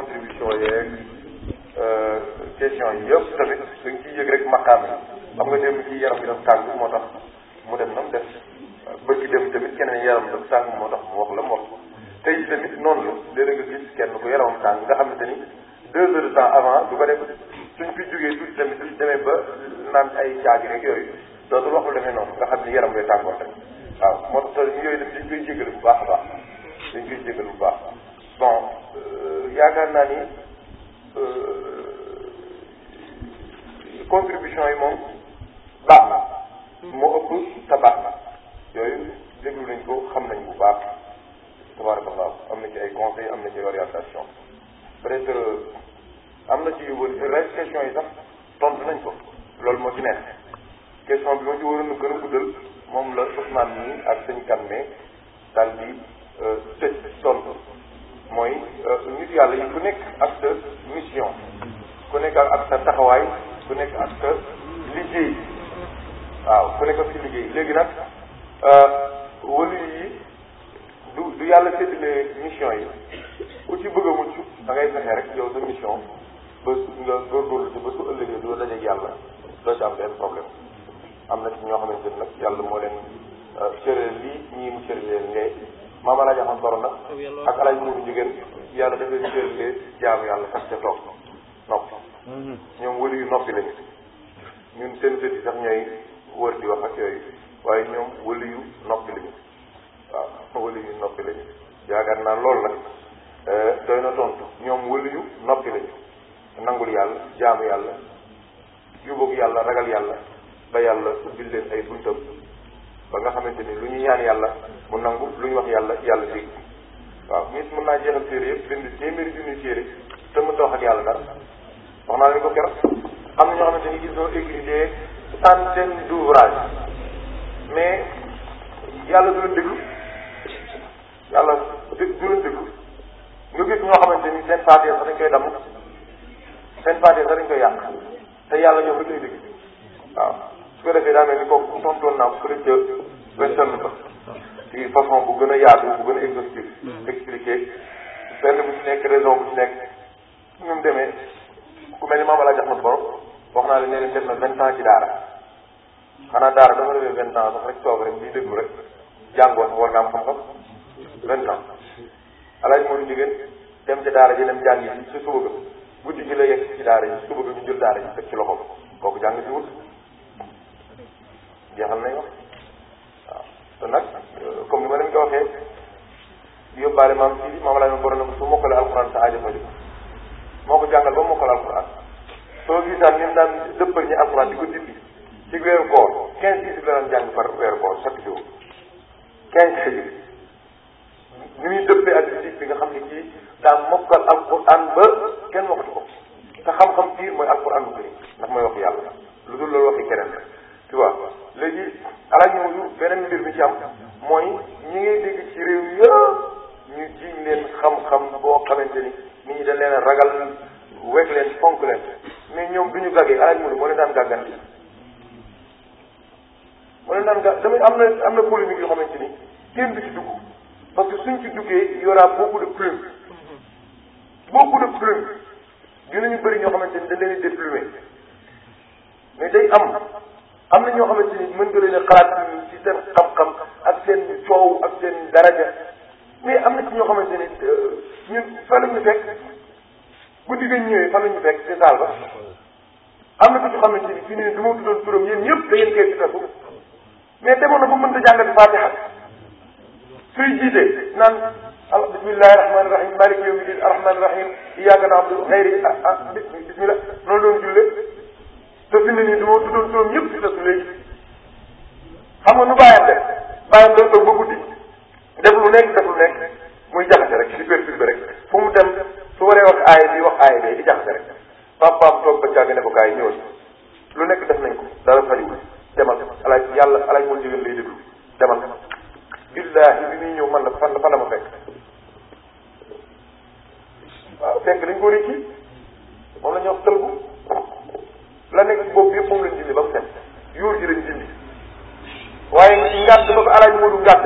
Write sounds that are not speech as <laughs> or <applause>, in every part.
contribution yeeg euh, question yi yëpp tamit dañ ciy yëg rek maqaam yi xam nga dem ci yaram bi daf tàng moo tax mu def na mu def bëgg dem tamit keneen yaram daf tàng la mu wax tey tamit noonu la léeg-léeg nga gis kenn ko yaramam tàng nga xamante ni de temps avant du ko def suñ fi jógee tuuti ay caagi rek yooyu dootul wax lu demee noonu nga xam ni yaram ngay tàngoor rek waaw moo tax yooyu dañ koy bu baax a baax bu baax bon euh, yaakaar naa ni euh, contribution yi moom na Euh, wëlu du du yàlla séddale mission yi ku ci bëgg a mucc da ngay yow sa mission ba nga góorgóorlu ci ba su ëllëgee doo dajeeg yàlla doo ci am benn problème am na ñoo xamante ne nag yàlla moo leen euh, cëréel lii ñii mu cëréel leen ngay maama laa jaxam soro nag ak alaaj muuru jigéen yàlla daf leen cëréel lee jaamu yàlla mhm. ñoom wëlu yu noppi lañu ñun seen sëddi sax ñooy wër di wax ak yooyu waaye ñoom wëli yu noppi lañu waaw wëli yu noppi lañu yaakaar naa lool nag eh, doy na tontu ñoom wëli yu noppi lañu nangul yàlla jaamu yàlla jubóog yàlla ragal yàlla ba yàlla ubbil leen ay buntam ba nga xamante ni lu ñu ñaan yàlla mu nangu lu ñu wax yàlla yàlla dégg waaw nit mën naa jeexal téere yëpp bind téeméeri junni téere te mënta wax ak yàlla dara wax naa leen ko keroog am na ñoo xamante ni gis nga écrit centaine mais yàlla du la dëgg yàlla du la dëgg nga gis ñoo xamante ni seen faatee sax dañ koy damm seen faatee sax dañ koy yàq te yàlla ñoom rek lay dëgg waaw su ko defee daa mel ni kooku tontoon naa ko gën a yaatu bu gën a exhaustive mm. expliqué benn bu ci nekk raison bu ci nekk ñu mu demee ku mel ni maam El Hadj Ahmed Borom wax naa la ne leen def na vingt ji ci daara xanaa daara dama demee vingt ans sax rek toog rek di déglu rek jàngoo sax war nga am xam-xam vingt ans alaaj moo jigéen dem ci daara ji dem jàngi ci si suba ga guddi gi la yegg ci daara ji suba ga ñu jël daara ji teg ci loxo kooku jàng ci wut jeexal nañ wax waaw nag euh, comme ni ma leen ko waxee yóbbaale maam si maam laa ne borom ko su mokkale alxuraan sa aajo faju moo ko jàngal ba mokkal alxuraan soo gisaan ni mu daan dëppal ñi alxuraan di ko ci weeru koor quinze xisib la daan jàng par weeru koor chaque jour quinze xisib ni muy dëppee ak xisib bi nga xam ne kii daa mokkal alquran ba kenn waxatu ko te xam-xam biir am na am na polémique yoo xamante ni kenn du ci dugg parce que suñ ci duggee y aura beaucoup de plumes beaucoup de plumes dinañu bëri ñoo xamante ni dañ leen mais day am am na ñoo xamante ni mën nga leen a xalaat ci seen xam-xam ak seen coow ak seen daraja mais am na ci ñoo xamante ni euh, ñun fan la ñu fekk bu jigéen ñëwee fan la ñu fekk saal ba am na ci ñoo xamante ni fi ne du ma tuddoon turam yéen ñëpp da ngeen mais demoon na ba mënta jàngati fatiha suy jiite naan al bismillahi rahmani rahim maliki yawmi din arrahmani rahim iyyaka na'budu xayri ah, ah, bismillah noonu doon julle te fi ne nii du ma tuddoon turam yëpp si tasu léegi xam nga nu bàyyam def bàyyam doon toog ba guddi def lu nekk def lu nekk muy jaxase rek si perturbe rek fu mu dem su waree wax aaya bi wax aaya bi di jaxase rek papaam toog ba càgg ne ko kaay ñëwal lu nekk def nañ ko dara fariwul demal alaaj yàlla alaaj moo jigéen lay déglu demal billaahi bi muy ñëw man la fan fan la ma fekk waaw fekk dañ ko rëcci moom la ñuy wax tëlbu la nekk ci yëpp moom lañ dindi ba mu set waaye ngàdd ba ko alaaj moodu ngàdd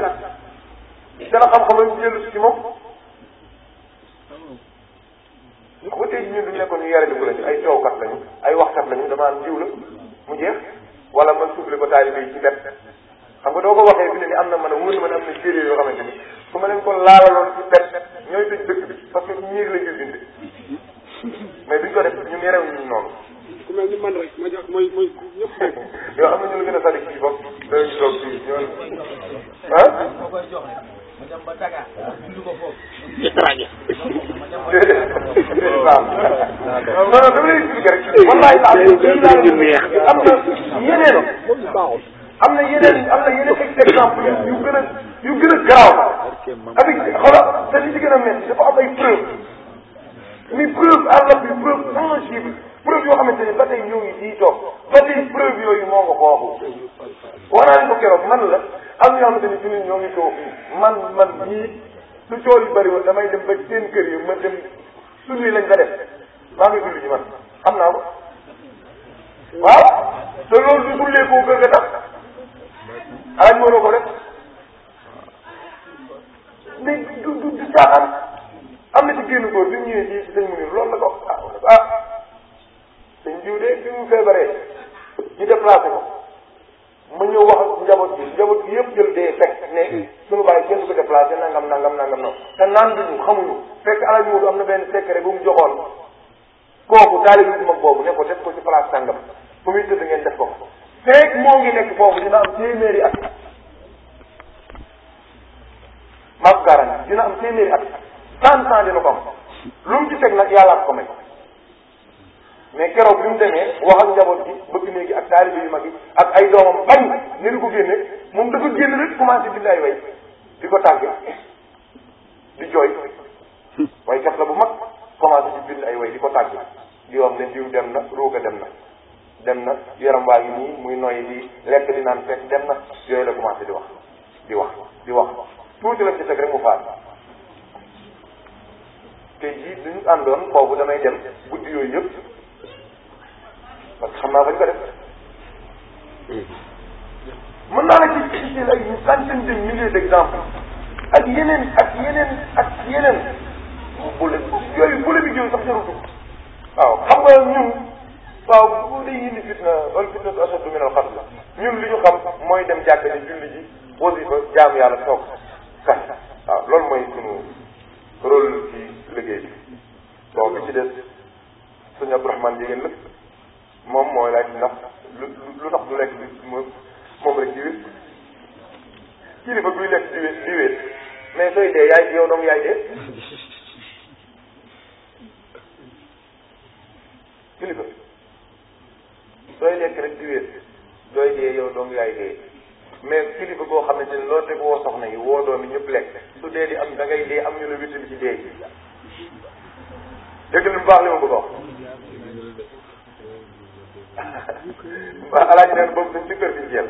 dana xam-xam lañ jëlu ci moom ndax ba tey ñun duñ nekkoon ñu yare di ko lañu ay coowkat lañu ay waxkat lañu damaa jiw la mu jeex wala ma suufle ko taalibe yi ci def xam nga doo ko waxee fi ne ni am na mën a wóor na mën am na séeréer yoo xamante ni su ma leen ko laalaloon ci pet ñooy tëj dëkk bi parce que ñiir la ñuy bind mais duñ ko def ñun yarew ñu noonu ku mel ni man rek ma jox mooy mooy ñëpp yoo xam ne ñu la gën a sadi kii bopp dañu toog fii ñoon ah boo koy jox ma dem ba Dakar dund ko foofu déedéet waaw non non dama lay expliqué rek wallaay laa baaxul am na yeneen am na yeneen exemple yu gën a yu gën a garaaw avec o te li ci gën a métti dafa am ay preuve muy preuve à l'appui preuve tangible preuve yoo xamante ni ba tey ñoo ngi ciy toog ba tey preuve yooyu o nga ko waxul wax naa ko keroog man la am ñoo xamante ni fi ñoo ngi toog man man ñii lu tool yu bëri woon damay dem ba seen kër yi ma dem suñuy lañ fa def maa ngi dund ci man xam naa waaw te loolu du sullee koo gën nga tax alaaj mënoo ko def mais du du du caaxaan am na ci génn góor bi mu ñëwee ci si sëñ mu loolu la ko ah, ah sëñ jiw de bi mu feebaree ñu déplacé ko ma ñëw wax ak njaboot bi njaboot bi yëpp jël dee fekk ne suñu bàyyi kenn du ko déplacé nangam nangam nangam nag te naan duñu xamuñu fekk alaaj Moodu am na benn secret bu mu joxoon kooku taalibi bu mag boobu ne ko def ko ci place sàngam bu muy tëdd ngeen def ko feeg moo ngi nekk foofu dina am téeméeri at maaf garanti dina am téeméeri at cent dina ko am lu mu ci teg nag yàlla ko may mais keroog bi mu demee wax ak njaboot bi bëgg néegi ak taalibe yu mag ak ay doomam bañ ni ñu ko génne moom dafa génn rek commencé bind ay way di ko tàgge di jooy <laughs> way la bu mag commencé di bind ay way di ko tàgge di wax dem na dem na yaram waa ngi nii muy noyyi di lekk di naan fekk dem na yooyu la commencé di wax di wax di wax tuuti lañ ci teg rek mu faat te ji duñu àndoon foofu damay dem guddi yooyu yëpp parce que xam naa bañ ko def mën naa la ci citer ay une centaine de milliers d'exemples ak yeneen ak yeneen ak yeneen bu la yooyu bu la bi jëw sax jarutu waaw xam nga ñun waaw bu dee indi fitna euh, wal fitnatu ashaddu min al qatl ñun li ñu xam mooy dem jàkk ji julli ji wasifa jaam yàlla toog kan waaw loolu mooy sunu rôle ci liggéey bi bon bi ci des sëñ Abdourahmane Ndiéguène lépp moom mooy laaj ndax lu lu tax du lekk bi moom rek di wéet kilifa duy lekk di wéet di wéet mais sooy dee yaay yow dong yaay dee doonte ko woo soxna yi woo doom yi ñëpp lekk su dee am da ngay dee am ñu la witti ci dee ji dégg lu baax li ma bëgg a wax waa <laughs> alaaji neen boobu dañ ci kër gi jël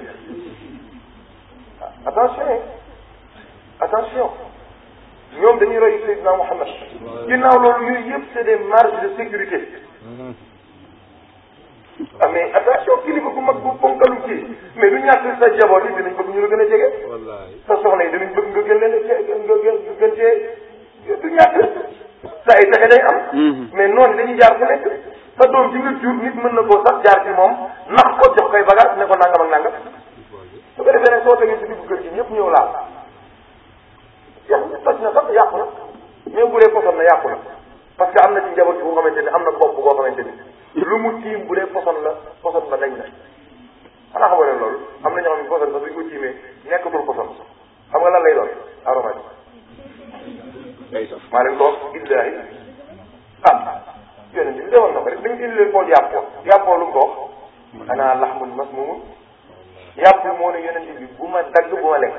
ah, attention attention ñoom dañuy roy Seydina Mouhamed ginnaaw loolu yooyu yëpp c'est des marges de sécurité mm-hmm. ah mais attention kilifa bu mag bu ponkalu kii mais du ñàkk sa jaboot yi dinañ bëgg ñu la gën a jege. wallaay sa soxna yi dinañ bëgg nga gën leen nga gën gën cee du ñàkk sa ay pexe day am. Mhm. mais noonu dañuy jaar ku nekk sa doom ji nga jur nit mën na koo sax jaar ci moom nax ko jox koy bagage ne ko nangam ak nangam su ko defee nag soo tegee si diggu kër gi ñëpp ñëw laal yàq na toj na sax yàqu na mais bu dee poson na yàqu na parce que am na ci njaboot bu nga xamante ni am na bopp boo xamante ni. lu mu tiim bu dee poson la poson la dañ na xanaa xam nga ne loolu am na ñoo xam ne poson sax duñ ko tiimee nekkatul poson xam nga lan lay doon aroma bi maa leen ko wax illahi ah yonent bi demoon na ko rek dañ indi leen koo yàppoo yàppoo lu mu ko wax anaa laxmun masmumun yàpp moo ne yonent bi bu ma dagg bu ma lekk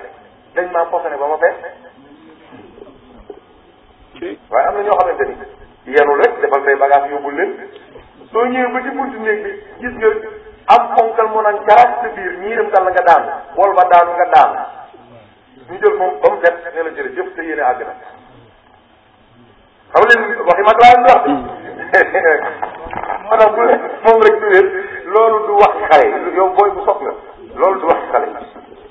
dañ maa posone ba ma fees waaye am na ñoo xamante ni yenu rek defal say bagage yóbbul leen soo ñëwee ba ci buntu néeg bi gis nga am ponkal moo naan garaaj sa biir ñiiram dal la nga daan wol ba daanu nga daan ñu jël moom ba mu set ne la jërëjëf na xam leen waxi madraam bi wax maanaam bu moom rek du leen loolu du wax xale yow booy bu soog la loolu du wax xale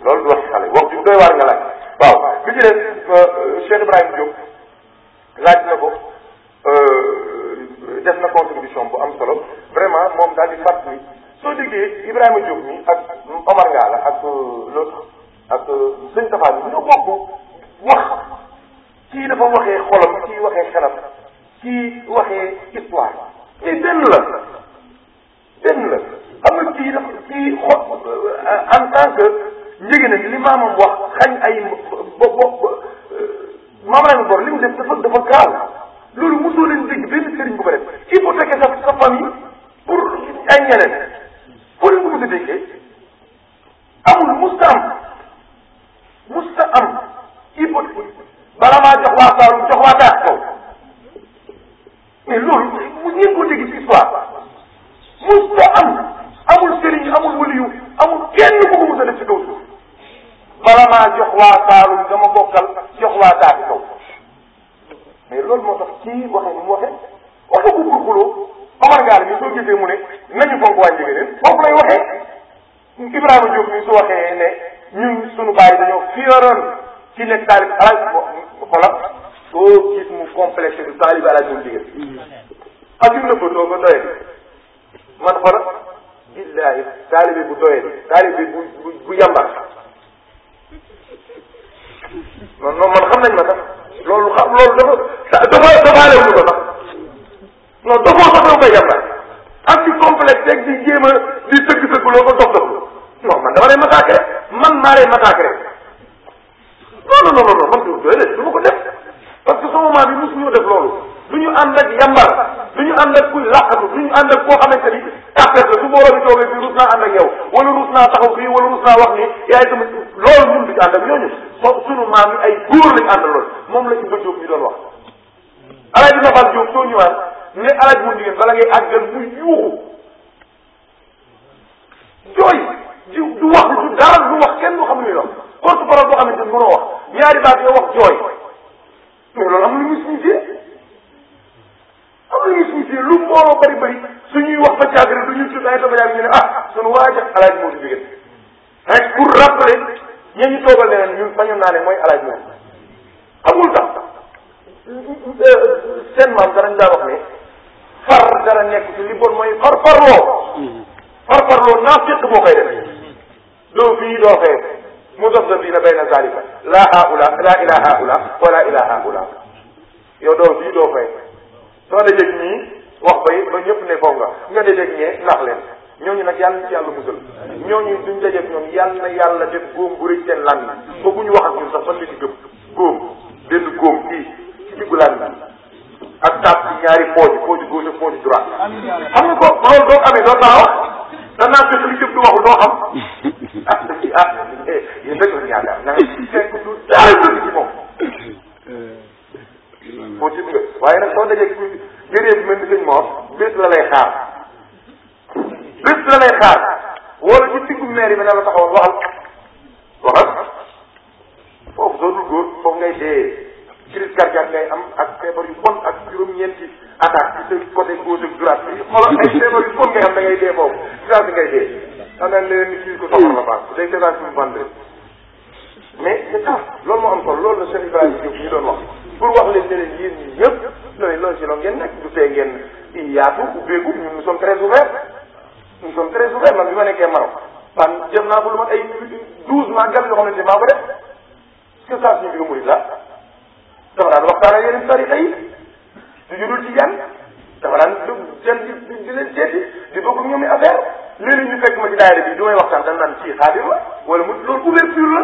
loolu du nga laaj waaw bi ci def euh, Cheikh Ibrahima Diop laaj na ko euh, def na contribution bu am solo vraiment moom daal di fàttali soo déggee Ibrahima Diop mi ak Omar Ngalla ak euh, l'autre ak euh, sëñ Tafaani ñoo bokk wax kii dafa waxee xolam kii waxee xelam kii waxee histoire kii benn la benn la xam nga kii dafa kii xo euh, en tant que njëgi na li wax xañ ay bo bo maam Rangor li mu def dafa dafa gaaw loolu mosoo leen dégg benn sëriñ bu ko hypothéquer sa sa famille pour ay ñeneen foo leen ko bëgg a déggee amul musta am musta am hypothèque bala maa jox waa Saalum jox waa Daara kaw mais loolu mu ñeen ko dégg ci histoire musta am amul sëriñ amul waliyu amul kenn ku ko mos a def ci kaw suuf bala maa jox waa Saalum dama bokkal jox waa Daara kaw mais loolu moo tax ci waxee ni mu waxee. wax ko pour xuloo Omar Gaal mi soo gisee mu ne nañu fonk waa Njëgëréen foofu lay waxee Ibrahima Diop mi su waxee ne ñun sunu bàyyi dañoo fiyaroon ci nekk taalib alaaj xolam soo gis mu complexe bi taalib alaaj moom jigéen ak yu nëbbatoo ba doyee man xola billahi taalibe bu doyee taalibe bu bu bu yàmbar non non man xam nañ ma sax loolu xam loolu dafa dafa dafa alewuñu ko sax non doxoo sax dama koy yàqal ak di complexe rek di jéem a di sëgg sëgg loo ko dox dox non man dama lay man maa lay massacré non non non non man du doy du ko def parce que sa moment bi loolu du ñu ànd ak yambar du ñu ànd ak kuy laqatu du ñu ànd ak koo xamante ni affaire la su booroo bi toogee fii ruus naa ànd ak yow wala ruus naa taxaw fii wala ruus naa wax ni yaay tamit loolu ñun du ñu ànd so sunu maam ay góor lañu àndaloon moom la ci ne alaj mu jigéen bala ngay àggal mu yuuxu jooy di du wax du dara du wax kenn du xam ne wax porte parole boo xamante ni mënoo wax ñaari baat yoo wax jooy mais loolu am lu muy signifié am lu muy signifié lu mbooloo bëri bëri suñuy wax ba rek du ñu tudd ay toog ñu ne ah sunu waaj ak alaj moo jigéen rek pour rappeler ña ñu toogal leneen ñun sañoon naa ne mooy alaj moom xamul tax seen maam danañ daa wax ne far dara nekk ci li bon mooy farfarloo farfarloo naa séq moo koy def doo fii doo fee mu dof sa biina bayna a laa haula laa ila haula wala ila haula yow doo fii doo fee soo dajeg ñii wax ba it ba ñëpp ne foog nga nga dajeg ñee nax leen ñooñu nag yàlla na ci yàlla musal ñooñu duñ dajeg ñoom yàlla na yàlla def góom bu rëcc seen lan ba bu ñu wax ak ñun sax ba koy foog nga xam da ngay dee foofu si ngay dee. xam naa ne nit ñi ko soxla baax day seetaan suñu bande mais c'est ça loolu moo am solo loolu la Cheikh Ibrahima Diop ñu doon wax pour wax leen ne leen yéen ñi ñëpp loolu loolu si la ngeen nekk du tee ngeen yaatu ubbeeku ñun nous sommes très ouverts nous sommes très ouverts man bi ma nekkee Maroc man jëm naa ko lu mat ay douze màggal yoo xam ne maa ko def que ça suñu biir murid la dafa daan waxtaan ak yeneen tarixa yi du ñu dul ci yan dafa daan dugg dem di di leen seeti di bokk ak ñoom i affaire léeg-léeg ñu fekk ma ci daayira bi du may waxtaan dañ naan ci xaadir la wala mu loolu ouverture la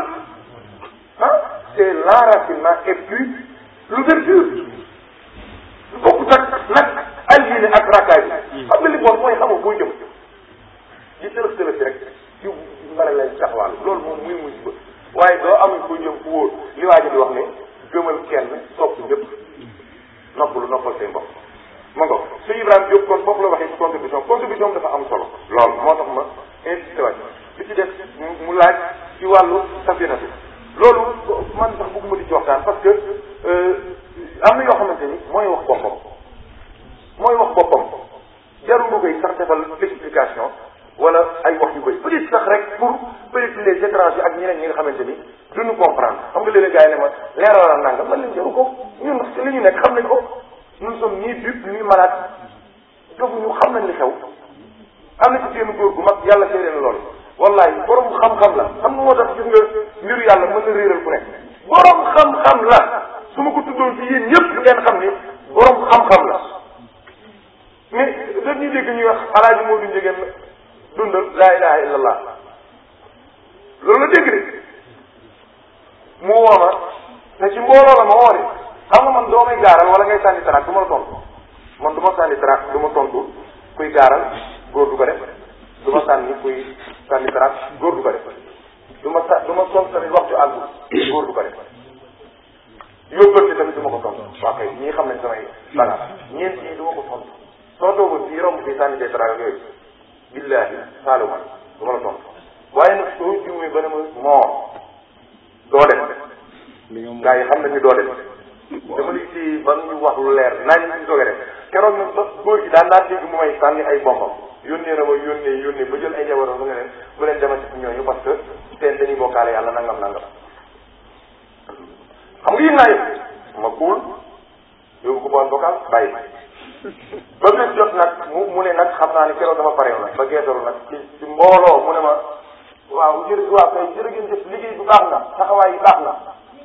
ah c'est l'enracinement et puis l'ouverture lu bokk nag nag aljini ak rakkaay bi hmm. xam nga li bon mooy xamoo booy jëm di tërëf tërëf si rek ci ngara lay taxawal loolu moom muy musiba waaye doo amul koy jëm ku wóor li waa ji di wax ne gëmal ma ngo suñu Ibrahima Diop kon foofu la waxee ci contribution contribution dafa am solo lool moo tax ma insisté waat li ci def mu laaj ci wàllu safina bi loolu man sax bëgguma di ci waxtaan parce que euh, am na yoo xamante ni mooy wax boppam mooy wax boppam jarul nga koy sax defal explication wala ay wax yu bëri peut-être sax rek pour peut-être les étrangers ak ñeneen ñi nga xamante ni duñu comprendre xam nga léeg-léeg gars yi ne ma leeralal nangam man lañ jaru ñun li ñu nekk xam nañ ko nous sommes ni dupes ni malades dofuñu xam nañ li xew am na ci benn góor gu mag yàlla séeréer na lool wallaay borom xam-xam la xam nga moo tax gis nga yàlla mën na réeral ku nekk borom xam-xam la su ma ko tuddoon ci yéen ñëpp xam ni borom xam-xam la mais dañuy dégg ñuy wax alaaji moo du njegéen dundal laa ilaha illallah loolu la dégg de mu wooma te ci mbooloo la ma woori xam na man doo may gaaral wala ngay sànni trac du ma la tontu man du ma sànni trac du ma tontu kuy gaaral góor du ko def du ma sànni kuy sànni trac góor du ko def du ma sa du ma tontu tamit wax ju góor du ko def yóbbante tamit du ma ko tontu waa kay ñii xam nañ samay bagaas ñeent ñii du ma ko tontu soo toogoon fii romb fii sànni des trac billaahi saaluma du ma la tontu waaye nag soo jiwee ba ne ma moo doo dem xam nañu doo dem dafa li ci ba ñu wax lu leer naaj bi ñu soog a def keroog nag ba góor gi daan daa dégg mu may sànni ay bombam yónnee na ma yónnee yónnee ba jël ay jabaram ba nga leen bu leen demati ci ñooñu parce que seen dañuy bokkaale yàlla nangam nangam. xam nga yëg naa yëg ma kuul yóbbu ko bon bokkal bàyyi ba bés jot nag mu mu ne nag xam naa ne keroog dama pare nag ba geesaru nag ci ci mbooloo mu ne ma waaw jërë waaw kay jërë ngeen jëf liggéey bi baax na taxawaay yi baax na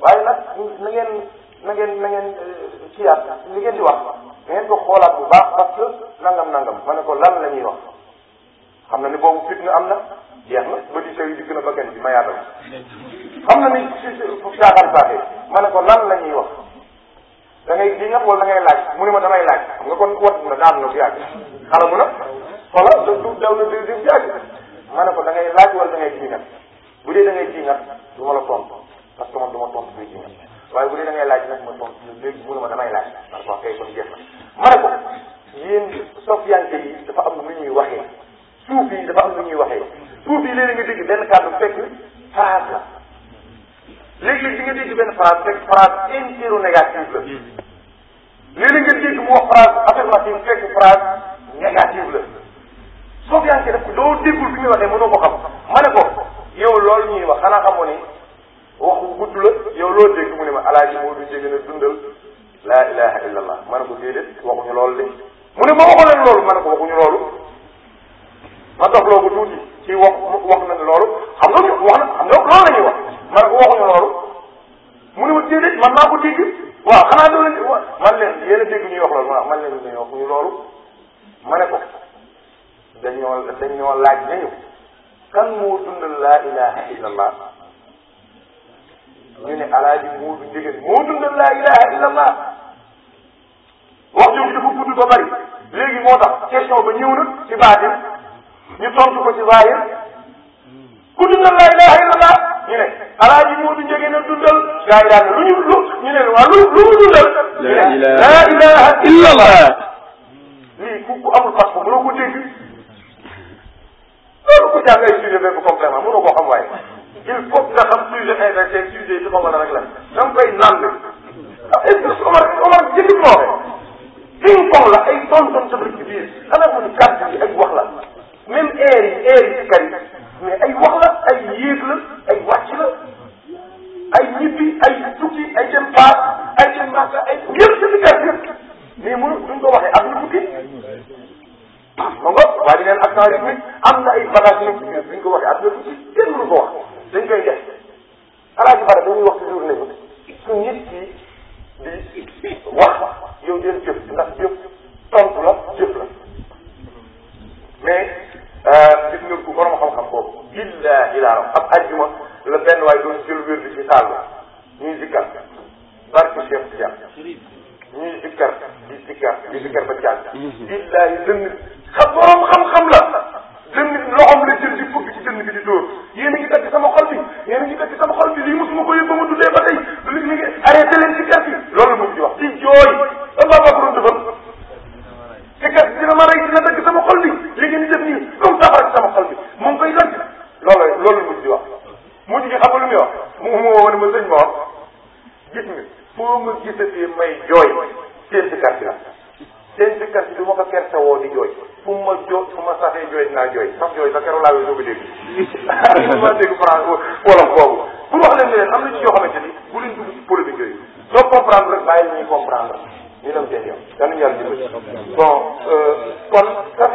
waaye nag na ngeen. na ngeen na ngeen eh, kiyaat li ngeen di wax na ngeen ko xoolaat bu baax parce que nangam nangam ma ne ko lan la ñuy wax xam na ni boobu fitna am na jeex na ba di sew yi na ba kenn bi ma yaatal xam na ni si caaxaan saaxee ma ne ko lan la ñuy wax da ngay di nga wala da ngay laaj mu ne ma damay laaj xam nga kon wat na daanu na bu yàgg xala mu na xoola da du daw na di di bu yàgg ma ne ko da ngay laaj wala da ngay jiingat bu dee da ngay jiingat du ma la tontu parce que man du ma tontu waaye bu dee da ngay laaj nag ma tontu léegi mënu ma damay laaj man ko kay kon jeex na ma ne ko yéen sofiyanke yi dafa am lu ñuy waxee suuf yi dafa am lu ñuy waxee suuf yi léegi nga dégg benn kàddu fekk phrase la léegi li nga dégg benn phrase fekk phrase interrogative la léegi nga dégg mu wax phrase affirmative fekk phrase négative la sofiyanke daf ko doo déggul bi ñuy waxee mënoo ko xam ma ne ko yow loolu ñuy wax xanaa xamoo ni waxu gudd la alaaji Moodu Njëgën a dundal laa ilaha illa allah ma ne ko déedéet waxuñu loolu de mu ne ma waxu leen loolu ma ne ko waxuñu loolu ma dox loo ko tuuti ci wax wax nañ loolu xam nga wax na xam nga loolu la ñuy wax ma ne ko waxuñu loolu mu ne ma déedéet man maa ko dégg waaw xanaa doo leen man leen yéen a dégg ñuy wax loolu ma man leen dañu waxuñu loolu ma ne ko dañoo dañoo laaj nañu kan moo dundal laa ilaha illa allah alaaji muudu njegen moo dundal laa ilaha illa allah wax jooju dafa gudd ba bari léegi moo tax question ba ñëw na ci baatin ñu tontu ci zaahir ku dundal laa ilaha illa allah alaaji muudu njegen a dundal gaa yi lu lu lu lu mu laa ilaha illa allah lii ku ku amul pas ko loolu ku jàng ay studio ko complément mënoo koo xam il faut nga xam sujet inventaire sujet su ma mën a rek la dama koy naan la ah est que Omar Omar jëndi la ay tonton sa bëgg ci biir xanaa ko ni kàddu yi ay wax la même air yi air yi si ay wax la ay yéeg la ay wàcc la ay ñibbi ay tukki ay dem paas ay dem màkka ay yëpp si si kàddu yëpp mais mënu duñ ko waxee am na tukki xam nga waa di neen am na ay bagage yu ñu ko waxee am na tukki kenn mënu ko dañ koy def alaaji bara dañuy wax toujours ne su nit ki di wax yow del jëf ndax jëf tontu la jëf la mais euh, gis nga ku borom xam-xam boobu illaahi laa am ab ajjuma la benn waay doon jël wér di ci sàllu ñuy zikkar barke Cheikh Tidiane ñuy zikkar di zikkar di zikkar ba jàll illaahi dënn xam borom xam-xam la dënn loxom la jël di fukki ci dënn bi di dóor bon euh, kon